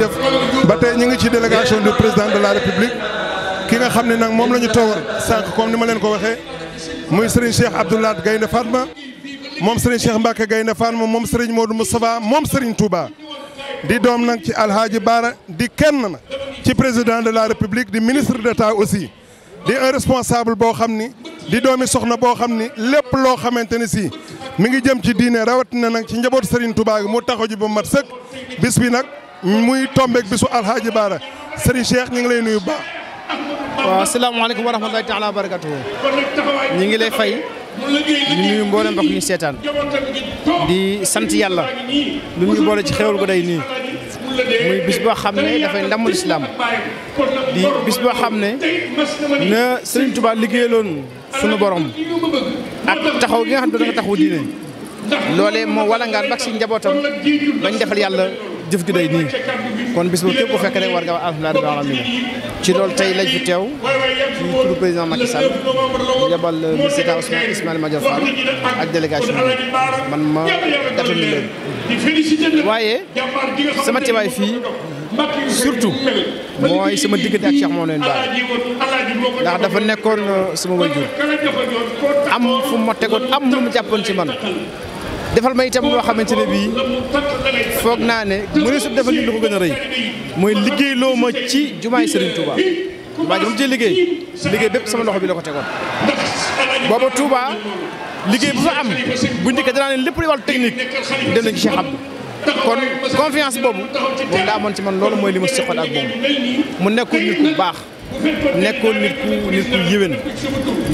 def ba tey ñu ngi ci délégation du président de la république ki nga xam ne nag moom la ñu toogal sànq comme ni ma leen ko waxee muy Serigne Cheikh Abdou gaynde Gaïndé Fatma moom Serigne Cheikh Mbacke Gaïndé Fatma moom Serigne Modou Moustapha moom Serigne Touba. di doom nag ci Alhaji Baara di kenn na ci président de la république di ministre d'État aussi di un responsable boo xam ni di doomi soxna boo xam ni lépp loo xamante ne si mu ngi jëm ci diine rawatina nag ci njabootu Serigne Touba gi mu taxaw ji ba mat sëkk bis bi nag. muy tombeeg bisu alxaaji Baara sëriñ Cheikh ñu ngi lay nuyu baax. waa asalaamaaleykum wa rahmatulahi taala wa barakatuhu ñu ngi lay fay. ñu nuyu mboolem mbokk ñu seetaan di sant yàlla lu ñu boole ci xéwal gu day nii muy bis boo xam ne dafay ndamul islam di bis boo xam ne na Sëriñ Tuubaa liggéeyaloon sunu borom ak taxaw gi nga xam ne da nga diine loolee moo walangaan bak si njabootam bañ defal yàlla jëf gi day nii kon bis ba képp ku fekk rek war nga wax alhamdulilah rabbil alamin ci loolu tey lañ fi teew ci turu président Macky Sall yabal euh, ministre d'État Ousmane ak délégation man ma gàttal leen waaye sama teewaay fii sama diggante ak Cheikh moom leen baax ndax dafa nekkoon euh, suma wajur am fu ma tegoon am lu mu jàppoon ci man defal ma itam loo xamante ne bii naane naa ne mënu sut defal nit lu ko gën a rëy mooy liggéey loo ma ci jumaay Serigne Touba jumaa ji moom ci liggéey liggéey bépp sama loxo bi la ko tegoon booba Touba liggéey bu fa am bu njëkk danaa ne lépp luy wàllu technique dem nañ ci Cheikh Abdou kon confiance boobu moom daa amoon ci man lool mooy li ma seqoon ak moom mu nekkul nit ku baax nekkoon nit ku nit ku yéwén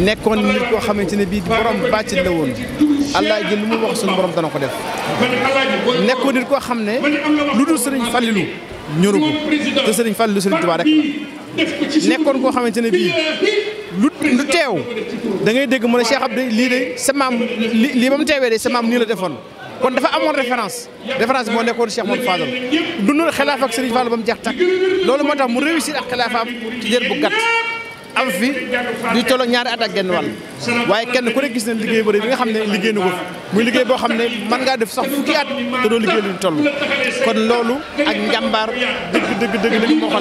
nekkoon nit koo xamante ne bii borom bàccin la woon allah ji lu mu wax suñu borom dana ko def nekkoon nit koo xam ne lu dul sëriñ Fallilou ñoru ko te sëriñ Fallilou sëriñ Tuubaa rek nekkoon koo xamante ne bii lu lu teew da ngay dégg mu ne Cheikh Abdou lii de sa li lii ba mu teewee de sa nii la defoon kon dafa amoon référence référence moo nekkoon Cheikh Modou Fadal dundul xilaaf ak Serigne Fallou ba mu jeex takk loolu moo tax mu réussir ak xilaafaam ci diir bu am fi di tolloog ñaari at ak genn wàll waaye kenn ku ne gis nañ liggéey bëri mi nga xam ne liggéey na ko muy liggéey boo xam ne mën ngaa def sax fukki at te doo liggéey lu ñu kon loolu ak njàmbaar dëgg dëgg dëgg dëgg moo ko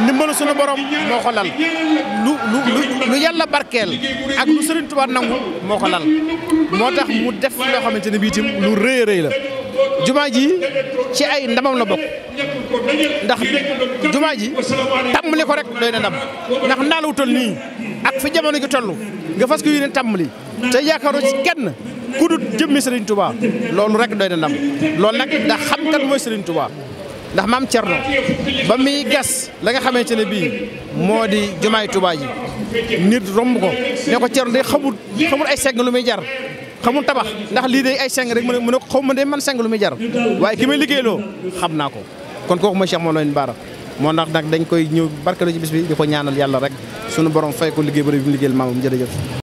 ndimbalu sunu borom moo ko lal lu lu yàlla barkeel ak lu Serigne Touba nangu moo ko lal moo tax mu def loo xamante ne bii itam lu rëy rëy la jumaa ji ci ay ndamam la bok ndax jumaa ji tàmbali ko rek doy na ndam ndax naa la wutal nii ak fi jamono gi toll nga fas ko yéene tàmbali te yaakaaroo ci kenn ku dul jëmmi Serigne Touba loolu rek doy na ndam loolu nag ndax xam kan mooy Serigne Touba. ndax maam Thierno ba muy gas la nga xamante ne bii moo di jumaay Tuubaa ji nit romb ko ne ko Thierno day xamul xamul ay seng lu muy jar xamul tabax ndax lii de ay seng rek mu ne mu ne xaw ma de man seng lu muy jar waaye ki may liggéeyloo xam naa ko kon kooku moo Cheikh Mawlana Bara moo ndax nag dañ koy ñëw barkelu ci bis bi di ko ñaanal yàlla rek sunu borom fay ko liggéey bëri bi mu liggéeyal maamam jërëjëf